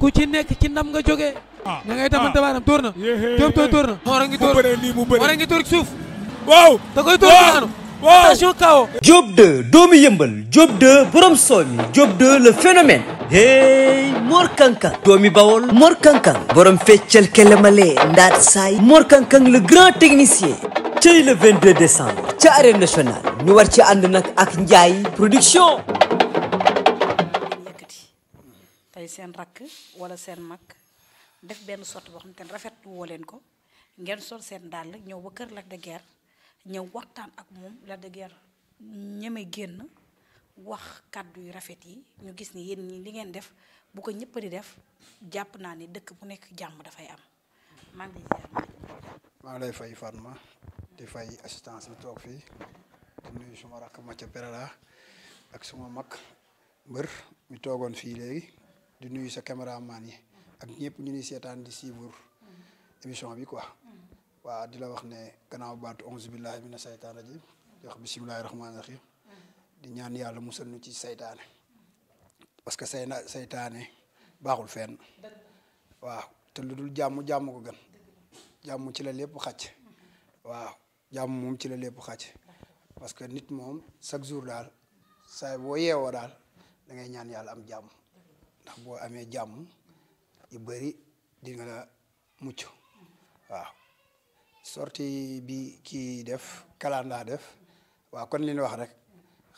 ku ci nekk ci nam nga jóge ah ngay defante baaraam ah. door na. Diop tooy door na. a ngi door Mor a ngi door suuf. waaw da koy door daanu. waaw attention kawo. Diop 2 doomu yëmbal Diop 2 borom soomi Diop 2 le phénomène. hey Mor Kankang doomi Bawol Mor Kankang borom feccal kelemale ndaat saay Mor Kankang le grand technicien. cey le 22 décembre ca arène nationale ñu war ci ànd nag ak Ndiaye production. tey seen rakk wala seen mag def benn sot boo xam te ne rafetlu woo leen ko ngeen sol seen dàll ñëw ba kër Lac de ñëw waxtaan ak moom la de Guiers ñeme génn wax kàddu yu rafet yi ñu gis ni yéen ñi li ngeen def bu ko ñëpp di def jàpp naa ne dëkk bu nekk jàmm dafay am maa ngi lay maa lay fay Fatma di fay assistance bi toog fii di nuyu suma rakk Mathia Perala ak suma mag mbër mi toogoon fii léegi di nuyu sa caméraman yi ak ñëpp ñu ni seetaan di suivre émission bi quoi waaw di la wax ne gannaaw baatu onze billahi mina saytaan rajim di wax bisimilahi rahmaani rahim di ñaan yàlla musal nu ci saytaane parce que say na saytaane baaxul fenn waaw te lu dul jàmm jàmm ko gën jàmm ci la lépp xàcc waaw jàmm moom ci la lépp xàcc parce que nit moom chaque jour daal saay boo yeewoo daal da ñaan yàlla am jàmm ndax boo amee jàmm yu bëri di nga la mucc waaw sorti bi kii def kalandaa def waaw kon li wax rek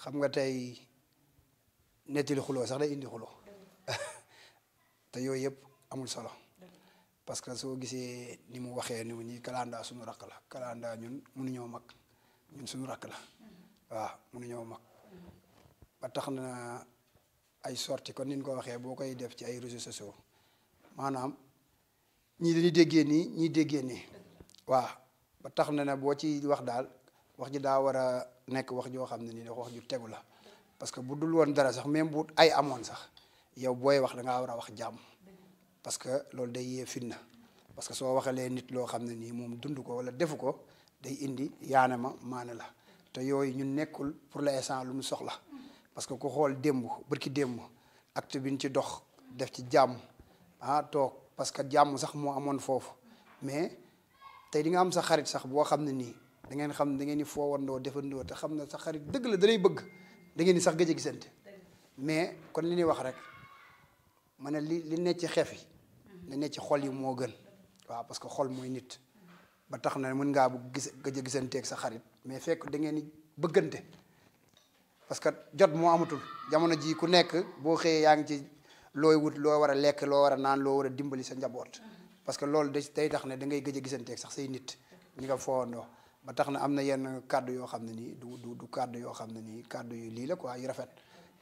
xam nga tey nettali xuloo sax day indi xuloo te yooyu yëpp amul solo parce que soo gisee ni mu waxee ni ñi kalanda suñu rakk la kalanda ñun mënuñoo mag ñun suñu rakk la waaw mënuñoo mag ba tax na ay sorties kon ni nu ko waxee boo koy def ci ay réseaux sociaux maanaam ñii dañuy déggee nii ñii déggee nii waaw ba tax na ne boo ci wax daal wax ji daa war a nekk wax joo xam ne nii wax ju tegu la parce que bu dul woon dara sax même bu ay amoon sax yow booy wax da ngaa war a wax jàmm parce que loolu day yee fitna parce que soo waxalee nit loo xam ne nii moom dund ko wala defu ko day indi yaane ma maane la te yooyu ñu nekkul pour l'instant lu mu soxla. parce que ku xool démb barki démb acte bi ñu ci dox def ci jàmm ah toog parce que jàmm sax moo amoon foofu mais tey di nga am sa xarit sax boo xam ne nii da ngeen xam da ngeen di foowandoo defandoo te xam ne sa xarit dëgg la dalay bëgg da ngeen di sax gëj a gisante mais kon li ñuy wax rek ma ne li li ne ci xef yi li ne ci xol yi moo gën waaw parce que xol mooy nit ba tax na mën ngaa bu gis gëj a gisanteeg sa xarit mais fekk da ngeen di bëggante parce que jot moo amatul jamono ji ku nekk boo xëyee yaa ngi ci looy wut loo war a lekk loo war a naan loo war a dimbali sa njaboot parce que loolu day tax ne da ngay gëj a gisanteeg sax say nit ñi nga foondoo ba tax na am na yenn kàddu yoo xam ne nii du du du kàddu yoo xam ne nii kàddu yu lii la waa yu rafet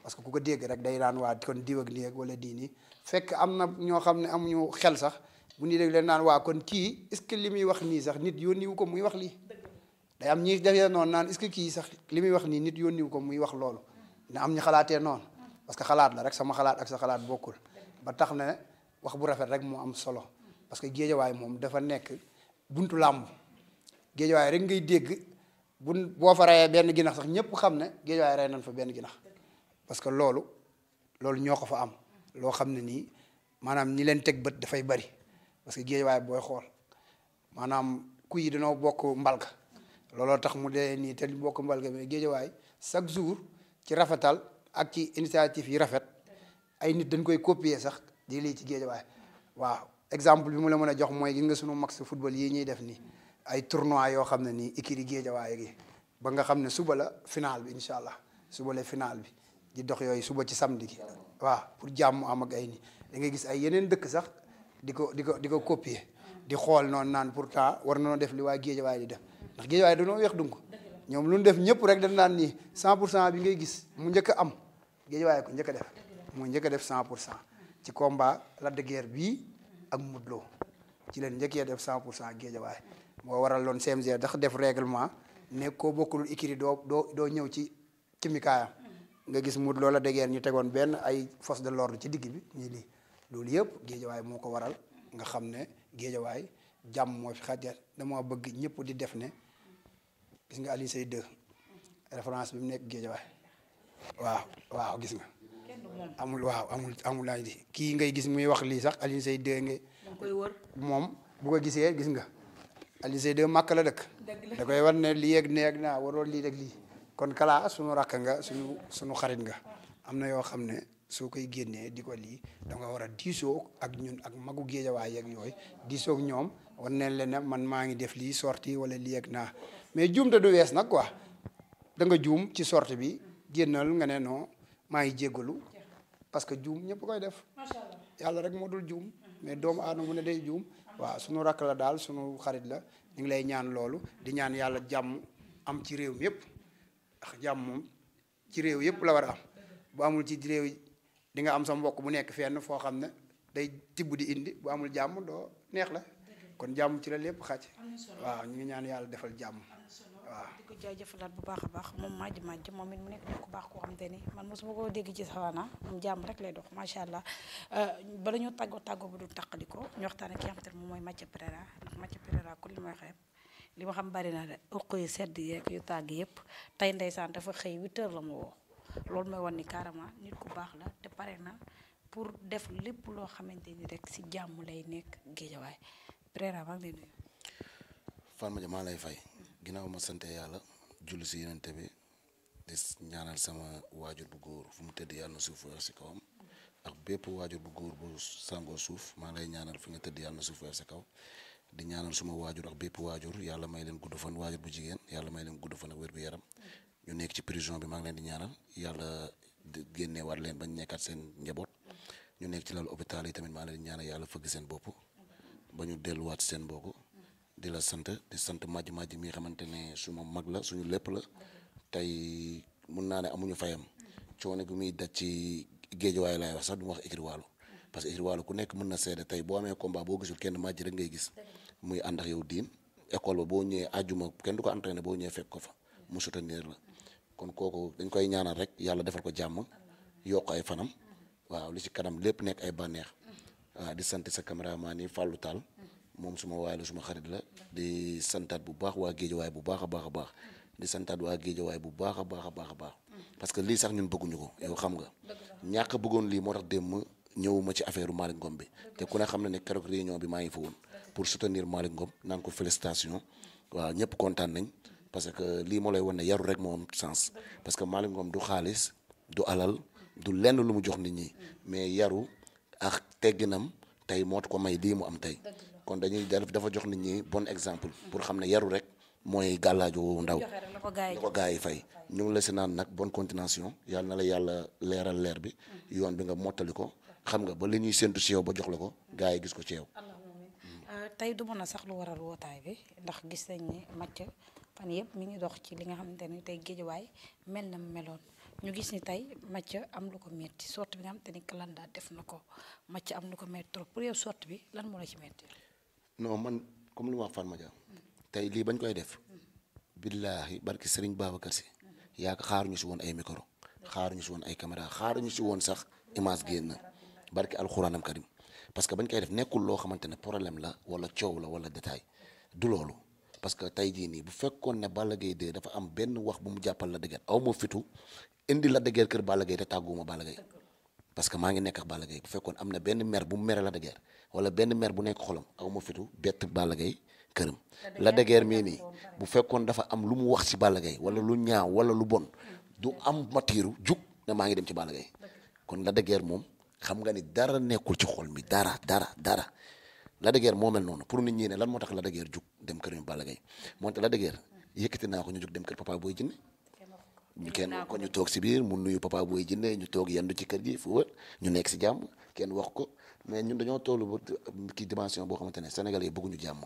parce que ku ko dégg rek day daan waa kon diw ak nii ak wala dii fekk am na ñoo xam ne amuñu xel sax bu ñu dégg leen naan waa kon kii est ce que li muy wax nii sax nit yónni wu ko muy wax lii day am ñi defee noonu naan est-ce kii sax li muy wax nii nit yónniwu ko muy wax loolu na am ñu xalaatee noonu parce que xalaat la rek sama xalaat ak sa xalaat bokkul ba tax na wax bu rafet rek moo am solo parce que géejawaay moom dafa nekk buntu làmb géejawaay rek ngay dégg bu boo fa reyee benn ginax sax ñëpp xam ne géejawaay rey nañ fa benn ginax parce que loolu loolu ñoo ko fa am loo xam ne nii maanaam ñi leen teg bët dafay bari parce que géejawaay booy xool maanaam ku danoo bokk mbalka looloo tax mu dee nii te bokk mbalka mi géejawaay chaque jour ci rafetal ak ci initiative yi rafet ay nit dañ koy copier sax di lii ci géejawaay waaw exemple bi mu la mën a jox mooy gin nga sunu max football yi ñuy def nii ay tournoi yoo xam ne nii ikiri géejawaay gi ba nga xam ne suba la final bi incha allah suba la final bi di dox yooyu suba ci samedi gi waaw pour jàmm am ak ay ni da ngay gis ay yeneen dëkk sax di ko di ko di ko copier di xool noonu naan pourtant war nañoo def li waa géejawaay di def ndax géejawaay dañoo weex dung ñoom lu ñu def ñëpp rek daf naan nii 100 pour cent bi ngay gis mu njëkk am géejawaay ko njëkk a def mu njëkk a def cent pour cent ci combat la de bii ak Modou Lo ci leen njëkkee def 100 pour cent géejawaay moo waral loon CNG dax def réglement ne ko bokkulul ikiri doo doo doo ñëw ci kimikaayam nga gis Modou Lo Lac de ñu tegoon benn ay force de l'ordre ci digg bi ñii lii loolu yëpp géejawaay moo ko waral nga xam ne géejawaay jàmm moo fi xaj bëgg ñëpp di def ne gis nga Aliou Seye 2 référence bi mu nekk géej waay waaw waaw gis nga amul waaw amul amul laaj di kii ngay gis muy wax lii sax Aliou Seye 2 nga moom bu ko gisee gis nga Aliou Seye 2 màkk la dëkk da koy war ne li ak neeg naa waroon lii ak lii kon kalaa suñu rakk nga suñu suñu xarit nga am na yoo xam ne soo koy génnee di ko lii danga war a diisoo ak ñun ak magu géejawaay yeeg yooyu diisoo ñoom war neen leen man maa ngi def lii sorti wala lii naa mais juum te du wees nag quoi da nga juum ci sorte bi génnal nga ne noo maa ngi jéggalu parce que juum ñëpp koy def yàlla rek moo dul juum mais doomu aadama mu ne day juum waaw sunu rakk la daal sunu xarit la ñu ngi lay ñaan loolu di ñaan yàlla jàmm am ci réew yëpp jàmm moom ci réew yëpp la war a am ci di nga am sa mbokk bu nekk fenn foo xam ne day tibb di indi bu amul jàmm doo neex la kon jàmm ci la lépp xaj waaw ñu ngi ñaan yàlla defal jàmm di ko jaajëfalaat bu baax a baax moom Madji Madji moom it mu nekk nit ku baax koo xamante ni man mosuma koo dégg ci sawaana moom jàmm rek lay dox macha allah euh, bala ñu tàggoo tàggoo bu dul tàqaliko waxtaan ak ki nga moom mooy Mathia Pereira ndax Mathia Pereira li may xeeb li ma xam bari na de uq yu sedd yu tàgg yëpp tey ndeysaan dafa xëy 8 la ma loolu mooy wan ni carrément nit ku baax la te pare na pour def lépp loo xamante ni rek si jàmm lay nekk géejawaay Pereira maa ngi lay lay fay. ginnaaw ma sante yàlla julli si yenente bi di ñaanal sama waajur bu góor fu mu tëdd yàlla na suuf weer si kawam waajur bu góor bu sàngoo suuf maa lay ñaanal fi nga tëdd yàlla na suuf weer si kaw di ñaanal suma waajur yàlla may leen gudd fan waajur bu jigéen yàlla may leen gudd fan ak wér gu yaram ñu bi maa ngi leen di ñaanal yàlla génneewaat leen bañ nekkaat seen njaboot ñu ci lalu hôpital yi tamit maa ngi leen fëgg seen bopp ba ñu delluwaat seen mbokk di la sant di sant Madji Madji mi xamante ne suma mag la suñu lépp la tey mun naa ne amuñu fayam coono gi muy daj ci géejuwaay laay wax sax du ma wax écrit waalo parce que écrit waalo ku nekk mën na seede tey boo amee combat boo gisul kenn Madji rek ngay gis muy ànd ak yow diin école ba boo ñëwee àjjuma kenn du ko entraîné boo ñëwee fekk ko fa mu soutenir la kon kooku dañ koy ñaanal rek yàlla defal ko jàmm yokk ay fanam waaw li ci kanam lépp nekk ay bànneex waaw di sant sa caméraman yi moom suma waay la suma xarit la di santaat bu baax waa géejawaay bu baax a baax a baax di santaat waa géejawaay bu baax a a baax a baax parce que lii sax ñun bëgguñu ko yow xam nga ñàkk bëggoon lii moo tax démm ñëwuma ci affaire Malick bi te ku ne xam na ne keroog réunion bi maa ngi fa woon pour soutenir Malick Ngom naan ko félicitation waaw ñëpp kontaan nañ parce que lii moo lay wan ne yaru rek moo am sens parce que Malick du xaalis du alal du lenn lu mu jox nit ñi mais yaru ak tegginam tey moo ko may lii mu am tey kon dañuy dafa jox nit ñi bon exemple pour xam ne yaru rek mooy gàllaaju ndaw na ko gars yi fay ñu ngi la si nag bonne continuation yàlla na la yàlla leeral leer bi mm-hmm. yoon bi nga mottali ko xam nga ba li ñuy séntu si ba jox la ko gars yi gis ko ci yow tey du mën a sax lu waral wootaay bi ndax gis nañ ni Mathieu fan yëpp mi ngi dox ci li nga xamante ni tey géej géejawaay mel na meloon ñu gis ni tey Mathieu am lu ko metti sorte bi nga xamante ni Kalanda def na ko Mathieu am lu ko metti trop bi lan moo la ci non man comme lu ma wax Fatma Dia tey lii bañ koy def billaahi barki Serigne Babacar si yaa xaaruñu si woon ay micro xaaruñu si woon ay caméra xaaruñu si woon sax image génn barki alxuraanam karim parce que bañ koy def nekkul loo xamante ne problème la wala coow la wala détail du loolu parce que tey jii nii bu fekkoon ne Balla Gaye 2 dafa am benn wax bu mu jàppal la dëgër aw ma fitu indi la dëgër kër Balla Gaye te tàgguma Balla Gaye parce que maa ngi nekk ak Balla Gaye bu fekkoon am na benn mer bu mu mere la dëgër wala benn mer bu nekk xolam aw ma fitu bett Balla Gaye këram la dëgër mii nii bu fekkoon dafa am lu mu wax ci Balla Gaye wala lu ñaaw wala lu bon du am matiiru jug ne maa ngi dem ci Balla Gaye kon la dëgër moom xam nga ni dara nekkul ci xol mi dara dara dara la dëgër moo mel noonu pour nit ñi lan moo tax la dëgër jug dem kër yu Balla Gaye moonte la dëgër yëkkati naa ko ñu jug dem booy jinne ñu kenn wax ko ñu toog si biir mu nuyu papa booy jinne ñu toog yendu ci kër gi fu ñu nekk si jàmm kenn wax ko mais ñun dañoo toll ba kii dimension boo xamante ne Sénégalais yi bëgguñu jàmm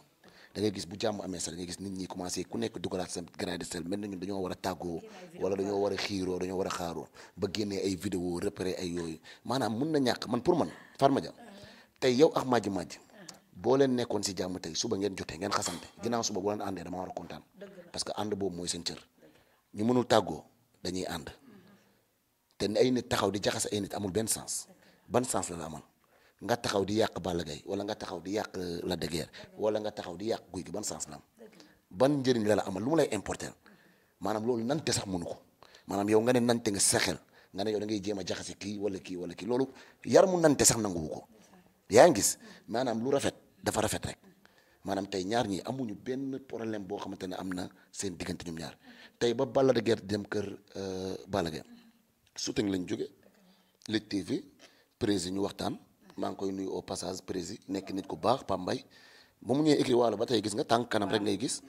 da gis bu jàmm amee sax da gis nit ñi commencé ku nekk dugalaat sa grain de mel na ñun dañoo war a tàggoo wala dañoo war a xiiroo dañoo war a xaaroo ba génnee ay vidéo repéré ay yooyu maanaam mun na ñàkk man pour man Fatma Dia mmh. tey yow ak Madji Madji mmh. boo si jàmm tey suba ngeen jotee ngeen xasante mmh. ginnaaw suba dañuy ànd te ay nit taxaw di jaxase ay nit amul benn sens ban sens la la amal nga taxaw di yàq Balla Gaye wala nga taxaw di yàq euh, la de Guiers wala nga taxaw di yàq guy Gui ban sens la am ban njëriñ la la amal lu mu lay importer maanaam loolu nante sax mënu ko maanaam yow nga ne nante nga sa xel nga ne yow da ngay jéem jaxase kii wala kii wala kii loolu yar mu nante sax nanguwu ko yaa ngis maanaam lu rafet dafa rafet rek. maanaam tey ñaar ñi amuñu benn problème boo xamante ne am na seen diggante ñoom ñaar tey ba Balla de Guerre di dem kër euh, Balla Gaye shooting lañ jóge Lutte TV prési ñu waxtaan maa ngi koy nuy au passage prési nekk nit ku baax Pambay ba mu ñëwee écrit waalo ba tey gis nga tànk kanam rek ngay gis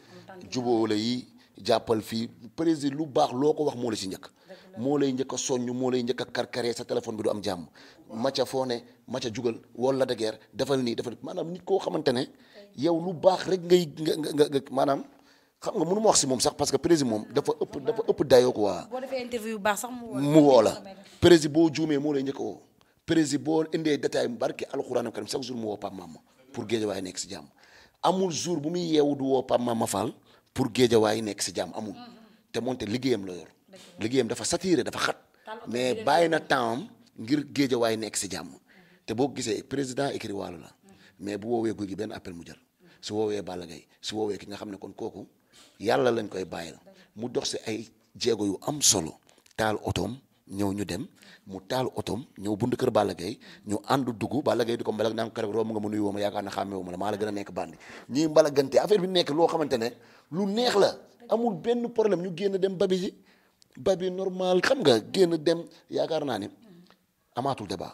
juboo la yi jàppal fii prési lu baax loo ko wax moo la si njëkk moo lay njëkk a soññ moo lay njëkk a karkaree sa téléphone bi du am jàmm maca foo ne maca jugal wala de guerre defal nii defal maanaam koo xamante ne yow lu baax rek ngay nga nga maanaam xam nga mënu ma wax si moom sax parce que président moom dafa ëpp dafa ëpp dayoo quoi. boo defee interview bu woo la président boo juumee moo lay njëkk woo président boo indee détail mu barke alxuraanam karim chaque jour mu woo Pape Mama pour Guédiawaye nekk si jàmm amul jour bu muy yeewu du woo Pape Mama Fall pour Guédiawaye nekk si jàmm amul te moonte liggéeyam la yor liggéeyam dafa saturé dafa xat mais bàyyi na temps am ngir Guédiawaye nekk si jàmm te boo gisee président écrit wàllu la mm-hmm. mais bu woowee guy gi benn appel mu jël. su woowee Balla gay su woowee ki nga xam ne kon kooku yàlla lañ koy bàyyil mu dox si ay jéego yu am solo taal otoom ñëw ñu dem mu taal otoom ñëw bund kër Balla Gaye ñu ànd dugg Balla Gaye di ko mbalak naa ko keroog romb nga mu nuyu woo ma na xàmmee wu ma la maa la gën a nekk bandi ñuy mbalagante affaire bi nekk loo xamante ne lu neex la amul benn problème ñu génn dem babi ji babi normal xam nga génn dem yaakaar naa ni amaatul débat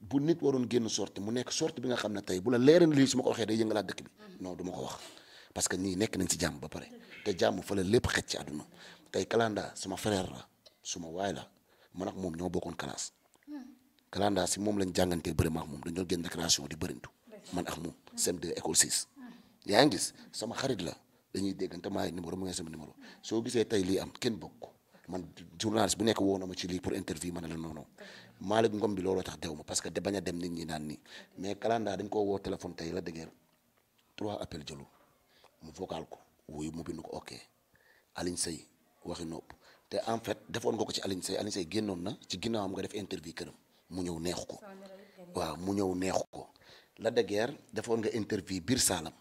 bu nit waroon génn sorti mu nekk sorti bi nga xam ne tey bu la leeran lii su ma ko waxee day yëngalaat dëkk bi mm-hmm. non du ma ko wax parce que ñii nekk nañ ci jàmm ba pare te jàmm fa la lépp xej ci àdduna tey Kalanda sama frère la suma waay la man moom ñoo bokkoon classe mm. Kalanda si moom lañ jàngantee bëri ma ak moom dañoo génn récréation di bërintu man ak moom mm. CM2 mm. yaa ngi gis sama xarit la dañuy déggante maay numéro mu ngi sama numéro soo gisee tey lii am kenn bokk man journaliste bu nekk woo na ma ci lii pour interview ma ne la non non Malick Ngom bi looloo tax dew ma parce que bañ a dem nit ñi naan nii mais Kalanda dañ koo woo téléphone tey la dëgër trois appels jëlu mu vocal ko wuyu mu bind ko ok Alioune Seye waxi nopp te en fait defoon nga ko ci Alioune Seye Alioune Seye génnoon na ci ginnaawam nga def interview këram mu ñëw neexu ko waaw mu ñëw neexu ko la dëgër defoon nga interview biir saalam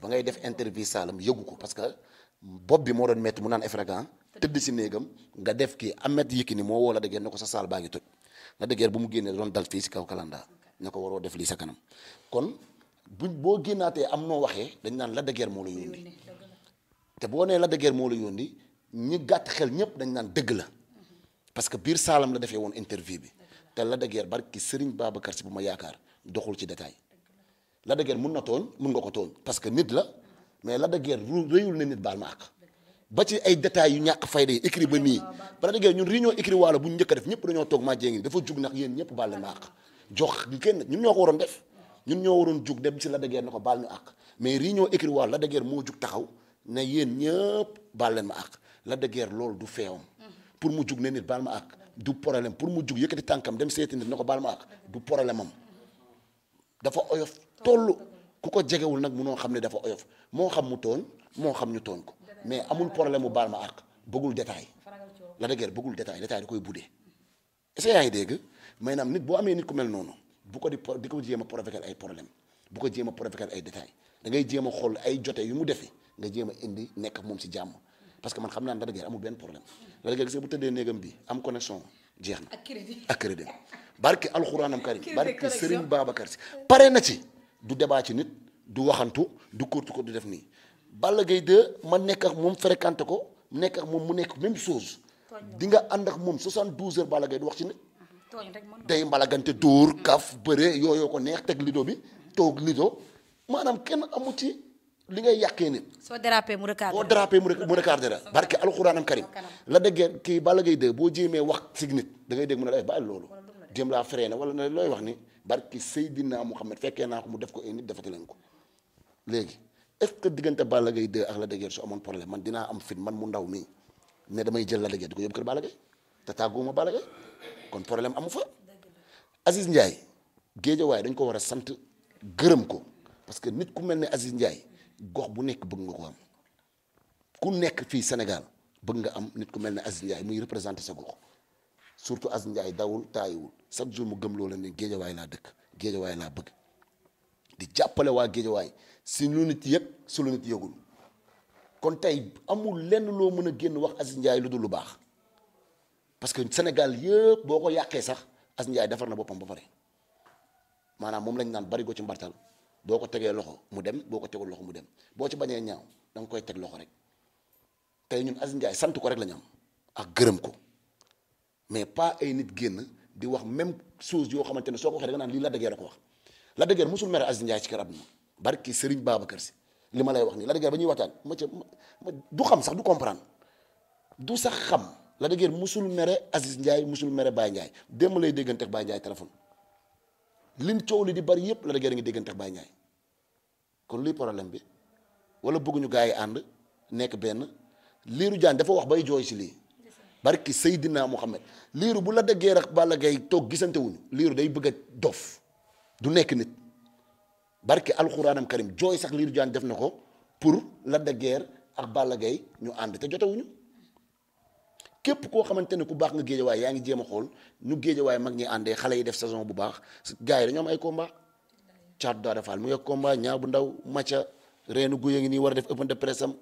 ba ngay def interview saalam yëgu ko parce que bopp bi moo doon métti mu naan effragant tëdd si néegam nga def kii Ahmed Yékini moo woo la dëgër ne ko sa saal baa ngi toj la dëggeer bu mu génnee doon dal fii si kaw kalanda ne ko waroo def lii sa kanam kon buñ boo génnaatee am noo waxee dañ naan la dëggeer moo la yónni te la dëggeer moo la yónni ñi gàtt xel ñëpp dañ naan dëgg la parce que biir saalam la defee woon interview bi te la dëggeer barki Serigne Babacar si bu ma yaakaar doxul ci détail la dëggeer mun na tooñ mun nga ko tooñ parce que nit la mais la dëggeer réyul ne nit baal ma àq ba ci ay détails yu ñàkk fayda yi écrit ba nii parce que ñun réunion écrit waalo bu ñu njëkk def ñëpp dañoo toog maa jéngi dafa jug nag yéen ñëpp baal na jox kenn ñun ñoo ko waroon def ñun ñoo waroon jug dem si la dageer na ko baal ñu àq mais réunion écrit waalo la moo jug taxaw ne yéen ñëpp baal àq la dageer loolu du feewam pour mu jug ne nit baal du problème pour mu jug yëkkati tànkam dem seeti nit na ko baal du problème dafa oyof toll ku ko jegewul nag noo xam ne dafa oyof moo xam mu toon moo xam ñu toon ko mais amul problème mu baal ma àq bëggul détail la dëgër bëggul détail détail da koy buddee est-ce que yaa ngi dégg maanaam nit boo amee nit ku mel noonu bu ko di di ko jéem a provoquer ay problème bu ko jéem a ay détail da ngay jéem a xool ay jote yu mu defi nga jéem a indi nekk moom si jàmm parce que man xam naa la dëgër amul benn problème la dëgër gis nga bu tëddee néegam bi am connexion jeex na ak crédit barke alxuraanam karim barke Serigne Babacar si pare na ci du débat ci nit du waxantu du ko du def nii Balla Gaye 2 ma nekk ak moom fréquenté ko nekk ak moom mu nekk même chose dinga nga ak moom 72 heures Balla Gaye du wax ci nit day mbalagante dóor kaf bëre yooyoo ko neex teg lido bi toog lido maanaam kenn amu ci li ngay yàqee nit. soo dérapé mu recadré boo dérapé mu recadré la barke alxuraanam karim la déggee kii Balla Gaye 2 boo jéemee wax si dangay da dégg mu ne la eh, bàyyi loolu jéem laa na wala ne looy wax ni barke Seydina Muhammad fekkee naa ko mu def ko ay nit defati lañ ko léegi est-ce diggante Balla Gaye 2 ak la de Guiers su amoon problème man dinaa am fit man mu ndaw mii ne damay jël Lac de Guiers di ko yóbbu kër Balla Gaye te tàgguwuma Balla kon problème amu fa Aziz Ndiaye géejawaay dañ ko war a sant gërëm ko parce que nit ku mel ni Aziz Ndiaye gox bu nekk bëgg nga ko am ku nekk fii Sénégal bëgg nga am nit ku mel ne Aziz Ndiaye muy représenté sa gox surtout Aziz Ndiaye dawul taayiwul chaque jour mu gëm loola ne géejawaay laa dëkk géejawaay laa bëgg di jàppale waa si lu nit yëg si lu nit yëgul kon tey amul lenn loo mën a génn wax Aziz Ndiaye lu dul lu baax parce que Sénégal yëpp boo ko yàqee sax Aziz Ndiaye defar na boppam ba pare maanaam moom lañu naan bari ko ci mbartal boo ko tegee loxo mu dem boo ko tegul loxo mu dem boo ci bañee ñaaw da nga koy teg loxo rek tey ñun Aziz sant ko rek la am ak gërëm ko mais pas ay nit génn di wax même chose yoo xamante ne soo ko waxee da nga naan lii la dëggeer a ko wax la dëggeer mosul mere Aziz Ndiaye ci kër àdduna barki Serigne Babacar si li ma lay wax nii Lac de ba ñuy waxtaan ma ca ma du xam sax du comprendre du sax xam la de mosul musul mere Aziz Ndiaye mosul mere Baye Ndiaye démb lay dégganteeg Baye Ndiaye téléphone liñ coow li bari yëpp Lac de Guiers ngi dégganteeg kon luy problème bi wala bëgguñu gaa yi ànd nekk benn liiru jaan dafa wax bay jooy si lii. barki Seydina Mohamed liiru bu la de Guiers ak Balla Gaye toog gisante wuñu liiru day bëgg a dof du nekk nit. barke alxuraanam karim jooy sax liiru jaan def na ko pour Lac de ak Balla Gaye ñu ànd te jotewuñu képp koo xamante ni ku baax nga géejawaay yaa ngi jéem a xool ñu géejawaay mag ñi àndee xale yi def saison bu baax gars yi dañoo am ay combat caatu daa defaal mu ngi combat ñaar bu ndaw macha reenu guy a ngi nii war a def open de presse am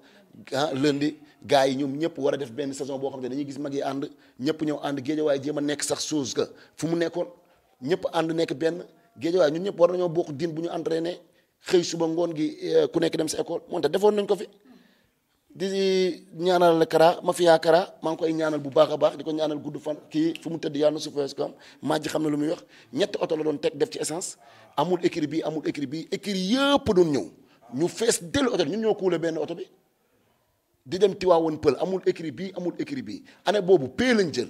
ah lundi gars yi ñoom ñëpp war a def benn saison boo xam ne dañuy gis mag yi ànd ñëpp ñëw ànd géejawaay jéem a nekk sax chose que fu mu nekkoon ñëpp ànd nekk benn géejawaay ñun ñëpp war nañoo bokk din bu ñu entraîné xëy suba ngoon gi euh, ku nekk dem sa école moonte defoon nañ ko fi di ñaanal la Kara ma fi Kara maa ngi koy ñaanal bu baax a baax di ko ñaanal gudd fan kii fu mu tëdd yàlla na suufee ko am màjj xam ne lu muy wax ñetti oto la doon teg def ci essence amul écrit bi amul écrit bi écrit yëpp doon ñëw ñu fees dellu oto bi ñun ñoo kuule benn oto bi di dem Tiwaawoon Pël amul écrit bi amul écrit bi année boobu pay lañ jël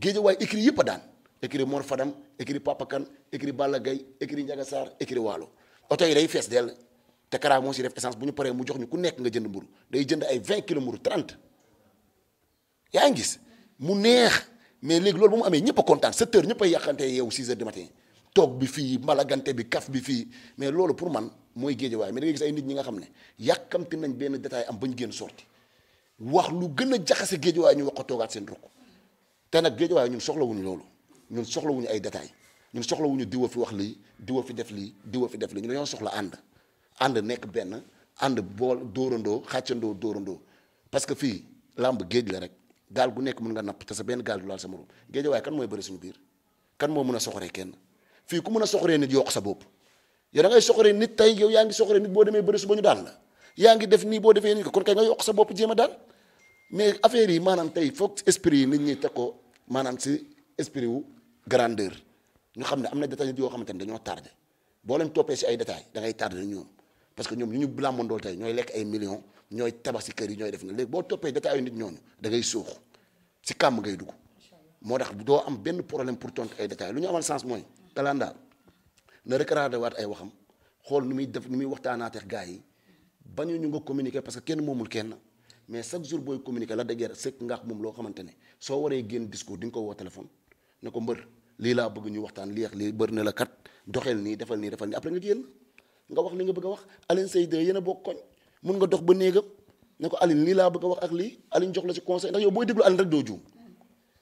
géejawaay écrit yëpp a écurie Mor Fadam écurie Papa Kane écurie Balla Gaye écurie Ndiaga Sarr écurie Waalo oto yi day fees dell te Kara moo si def essence bu ñu paree mu jox ñu ku nekk nga jënd mburu day jënd ay 20 kilos mburu 30 yaa ngi gis mu neex mais léegi loolu ba mu amee ñëpp a kontaan 7 heures ñëpp a yàqante yeewu 6 heures du matin toog bi fii mbalagante bi kaf bi fii mais loolu pour man mooy géejawaay mais da ngay gis ay nit ñi nga xam ne yàkkamti nañ benn détail am bañ génn sorti wax lu gën a jaxase géejawaay ñu wax ko toogaat seen rukk te nag géejawaay ñun soxlawuñu loolu ñun soxlawuñu ay détails ñun soxlawuñu diwa fi wax lii diwa fi def lii diwa fi def lii ñu dañoo soxla ànd ànd nekk benn ànd bool dóorandoo xàccandoo dóorandoo parce que fii làmb géej la rek gaal gu nekk mun nga napp te sa benn gaal du laal sa morom géej waaye kan mooy bëri suñu biir kan moo mën a soxoree kenn fii ku mën a soxoree nit yokk sa bopp yow da ngay nit tey yow yaa ngi soxoree nit boo demee bëri suba ñu daal na yaa ngi def nii boo defee nii ko kon kay nga yokk sa bopp jéem a mais affaire yi maanaam tey foog esprit yi nit ñi teg ko maanaam si esprit wu grandeur ñu xam ne am na détails yoo xamante ne dañoo tardé boo leen toppee si ay détails da ngay tardé ñoom parce que ñoom ñu ñu blàmmandool tey ñooy lekk ay millions ñooy tabax si kër yi ñooy def na léegi boo toppee détails yu nit ñooñu da ngay suux si kàmm ngay dugg moo tax doo am benn problème pour tontu ay détails lu ñu amal sens mooy kalandaal na recradé waat ay waxam xool nu muy def nu muy waxtaanaatee gaa yi bañu ñu nga communiquer parce moomul kenn mais chaque jour booy communiquer la loo xamante ne soo waree génn di ko woo téléphone ne ko mbër lii laa bëgg ñu waxtaan lii ak lii bëri na la kat doxel nii defal nii defal nii après nga jël nga wax li nga bëgg a wax Alioune Seye 2 yéen a bokk koñ mun nga dox ba néegam ne ko Alioune lii a wax ak lii jox la ci conseil ndax yow booy déglu Alioune rek doo juum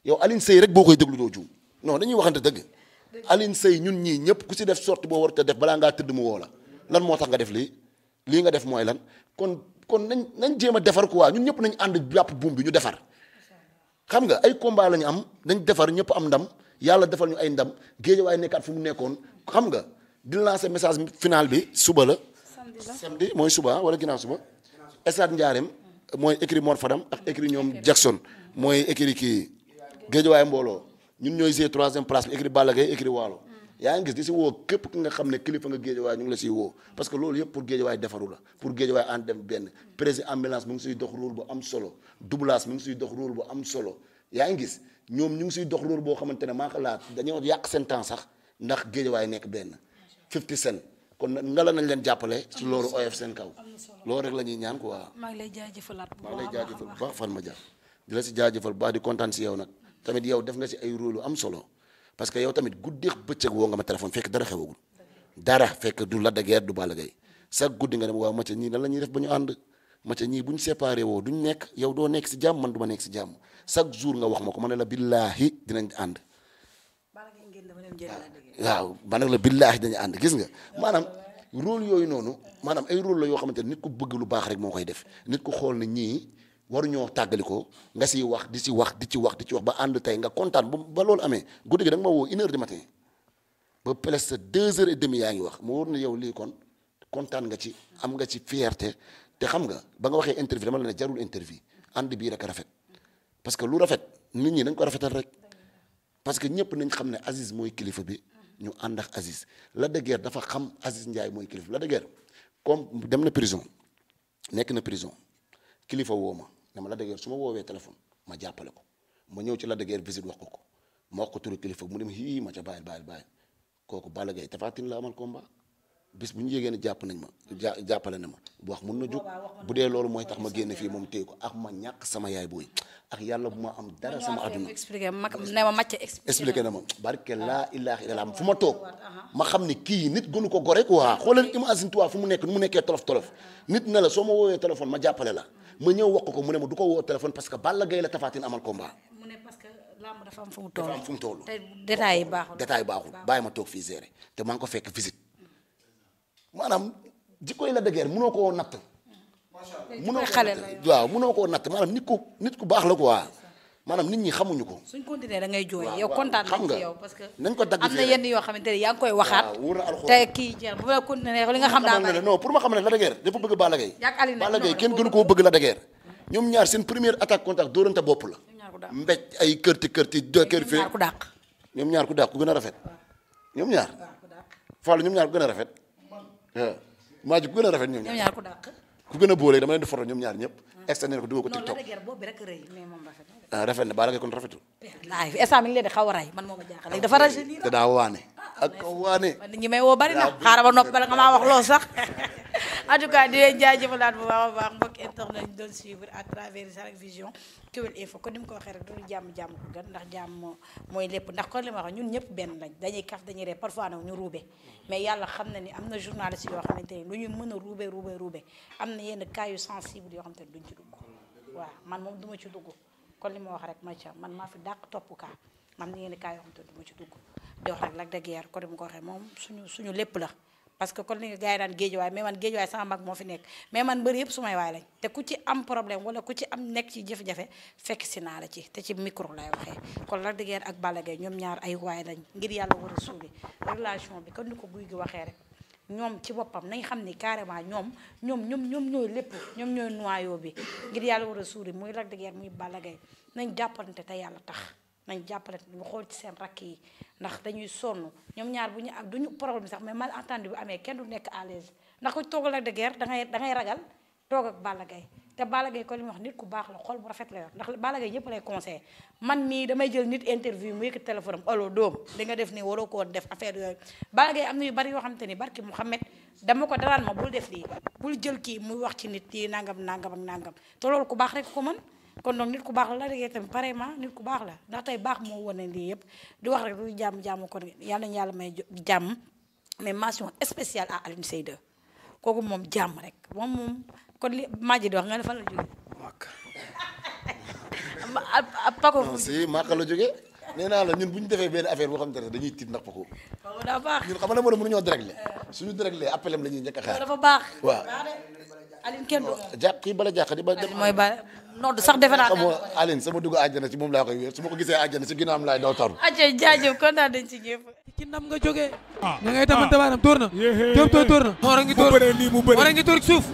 yow Alioune Seye rek boo koy déglu doo juum non dañuy waxante dëgg Alioune Seye ñun ñii ñëpp ku si def sorte boo war te def balaa ngaa woo la lan moo tax nga def lii lii nga def mooy lan kon kon nañ nañ jéem a defar quoi ñun ñëpp nañu ànd jàpp buum bi ñu defar xam nga ay combat la ñu am dañ defar ñëpp am ndam yàlla defal ñu ay ndam géejawaay nekkaat fu mu nekkoon xam nga di message final bi suba la. samedi mooy suba wala ginnaaw suba. Estade Ndiarème mooy écrit Mor Fadam ak écrit ñoom Jackson mooy écrit kii géejawaay mbooloo ñun ñooy gisee troisième place bi écrit Balla Gaye écrit Waalo. Hmm. yaa ngi gis di si woo képp ki nga xam ne kilifa nga géejawaay ñu ngi la siy woo parce que loolu yëpp pour géejawaay defaru la pour géejawaay en dem benn président ambulance mu ngi siy dox rôle bu am solo doublage mu ngi siy dox rôle bu am solo yaa ngi gis. ñoom ñu ngi siy dox loolu boo xamante ne maa ko laat dañoo yàq seen temps sax ndax géejawaay nekk benn. 50 cent kon ngala nañ leen jàppale. ci loolu oyof seen kaw. loolu rek la ñuy ñaan ko maa ngi lay jaajëfalaat bu baax maa ngi lay jaajëfal ma jaar di la si jaajëfal bu di kontaan si yow nag tamit yow def nga si ay rôle am solo parce que yow tamit guddeex bëccëg woo nga ma téléphone fekk dara xewagul dara fekk du Lac du Balla Gaye chaque guddi nga dem waaw ma ca ñii nan la ñuy def ba ñu ànd ma ñii bu ñu séparé woo duñ nekk yow doo nekk si jàmm man du nekk si jàmm chaque jour nga wax ma ko ma ne la billaahi dinañ ànd. waaw ma ne la billaahi dinañ ànd gis nga maanaam. role yooyu noonu maanaam ay rôle la yoo xamante ne nit ku bëgg lu baax rek moo koy def nit ku xool ne ñii waruñoo tàggali ko nga siy wax di si wax di ci wax di ci wax ba ànd tey nga kontaan ba loolu amee guddi gi da moo woo une heure du matin ba presque deux heures ngi wax ma wóor na yow lii kon kontaan nga ci am nga ci fierté te xam nga ba nga waxee interview dama la ne jarul interview ànd bii rek rafet parce que lu rafet nit ñi nañ ko rafetal rek parce que ñëpp nañ xam ne Aziz mooy kilifa bi ñu ànd ak Aziz Lac de Guiers dafa xam Aziz Ndiaye mooy kilifa bi Lac de Guiers comme dem na prison nekk na prison kilifa woo ma ne ma Lac su ma woowee téléphone ma jàppale ko ma ñëw ci Lac de Guiers visite wax ko ko ma wax ko turu kilifa mu dem hii ma ca bàyyil bàyyil bàyyil kooku Balla Gaye Tapha Tine la bis bu ñu yégee ne jàpp nañ ma jàppale na ma bu wax mun na jóg bu dee loolu mooy tax ma génn fii moom téye ko ak ma ñàkk sama yaay booy ak yàlla bu ma am dara sama àdduna expliqué na ma barke ah. laa ilaaha ma toog ma xam ni kii nit gënu ko gore quoi xoolal imagine fu mu nekk mu nekkee tolof tolof ah. nit na la soo ma woowee téléphone ma jàppale la ma ñëw wax ko mu ne ma du ko woo téléphone parce que Balla Gaye la tafaatin amal combat dafa am fu mu toll détail baaxul bàyyi ma toog fii géré te maa ngi ko fekk visite maanaam jikkoy la dëgër mënoo koo natt. mënoo koo natt waaw mënoo koo natt maanaam nit ku nit ku baax la quoi. maanaam nit ñi xamuñu ko. suñ continuer da ngay jooy yow kontaan nañ ci yow parce que nañ ko dagg am na yenn yoo xamante ne yaa ngi koy waxaat te kii jeex bu la continuer nga xam daa bari non pour ma xam ne la de guerre dafa bëgg Balla Gaye Balla Gaye kenn gënu koo bëgg la ñoom ñaar seen première attaque contact dóorante bopp la mbéj ay kërti kërti kër fee ñoom ñaar ku dàq ku gën a rafet ñoom ñaar Fallou ñoom ñaar ku gën a rafet maa ji ku gën a rafet ñoom ñaar ku dàq ku gën a bóolee dama leen di photo ñoom ñaar ñëpp externe ko dugal ko TikTok ah rafet na Balla Gaye kon rafetul laay instant mi leen di xaw a ray man moo ma jaaxal léegi dafa rajeunir te daa waane ah, ak waane ñi may woo bari na ba noppi nga maa wax loolu sax en tout cas di leen jaajëfalaat bu baax a baax tax lañ doon suivre à travers Zarak Vision Kewel Info mu ko waxee rek du jàmm jàmm ko ndax jàmm mooy lépp ndax kon li ma wax ñun ñëpp benn lañ dañuy kaf dañuy ree parfois nag ñu ruube mais yàlla xam na ni am na journaliste yoo xamante ni lu ñu mën a ruube rubee ruube am na yenn cas yu sensible yoo xamante ni duñ ci dugg waaw man moom duma ci dugg kon li ma wax rek ma ca man maa fi dàq topp kaa man na yenn cas yoo xamante ni duma ci dugg di wax rek Lac de Guiers kon mu ko waxee moom suñu suñu lépp la parce que kon li nga gars yi daan géejuwaay mais man géejuwaay sama mag moo fi nekk mais man mbëri yëpp sumay waay lañ te ku ci am problème wala ku ci am nekk ci jafe-jafe fekk si naa la ci te ci micro lay waxee kon Lac de Guiers ak Balla ñoom ñaar ay waay lañ ngir yàlla war a suuli relation bi kon ni ko guy gi waxee rek ñoom ci boppam nañ xam ni carrément ñoom ñoom ñoom ñoom ñooy lépp ñoom ñooy noyau bi ngir yàlla war a suuri muy Lac de Guiers muy Balla nañ jàppante te yàlla tax nañ jàppale ñu xool ci seen rakk yi ndax dañuy sonn ñoom ñaar bu ñu ak du ñu problème sax mais malentendu bu amee kenn du nekk à l'aise ndax ku toogal ak de guerre da ngay ragal toog ak Balla Gaye te Balla Gaye ko li mu wax nit ku baax la xol bu rafet la yor ndax Balla Gaye ñëpp lay conseillé man mii damay jël nit interview mu yëkkati téléphone am allo doom li nga def nii waroo ko woon def affaire yooyu Balla Gaye am na yu bari yoo xamante ni barki Mouhamed dama ko daraan ma bul def lii bul jël kii muy wax ci nit yi nangam nangam nangam kon donc nit ku baax la Lac de Guiers tamit pareillement nit ku baax la ndax baax moo wane lii yëpp di wax rek lu jàmm jàmm kon yàlla nañu yàlla may jàmm mais mention spéciale à Alioune Seye 2 kooku moom jàmm rek moom moom kon li Madji di wax nga ne fan la jógee. Màkk. Paco. non si Màkk la jógee. nee naa la ñun bu ñu defee benn affaire boo xamante ne dañuy tiit ndax Paco. waaw daa baax ñun xam nga ne mënuñoo déréglé. suñu déréglé appelé la ñuy njëkk a xaar. baax. waaw. Aline kenn du jàq kii bala jàq di ba dem mooy ba sax defe naa xam Aline sama dugg àjjana ci moom laa koy wéer su ma ko gisee àjjana ci ginnaaw am laay daw taru aca jaajëf kontaan dañ ci gépp ci ndam nga jógee nga ah. ngay tamante baanam tóor na tóor na moora ngi tóor moora ngi tóor ci suuf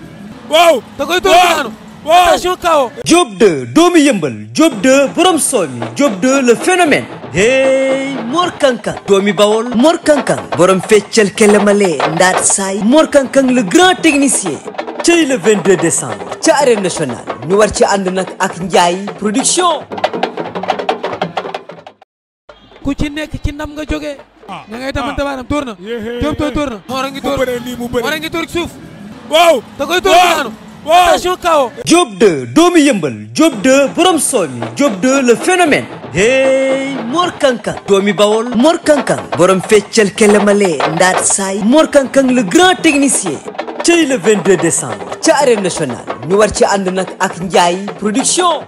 waaw da koy tóor daanu attention kawo Diop 2 doomu yëmbal Diop 2 borom sooy mi Diop 2 le phénomène hey Mor Kankang doomi Bawol Mor Kankang borom feccal kelemale ndaat saay Mor Kankang le grand technicien ci le 22 décembre ca arène nationale ñu war ci ànd nag ak Ndiaye production. ku ci nekk ci nam nga jóge ah nga ngay damante baaraam tóor na. Diop Toye tóor suuf. waaw da koy tóor daanu. waaw attention kawo. Diop 2 doomu yëmbal Diop 2 borom sooy mi Diop 2 le phénomène. hey Mor Kankang doomi Bawol Mor Kankang borom feccal kelemale ndaat saay Mor Kankang le grand technicien. ci le 22 décembre ca arène nationale ñu war ci ànd nag ak Ndiaye production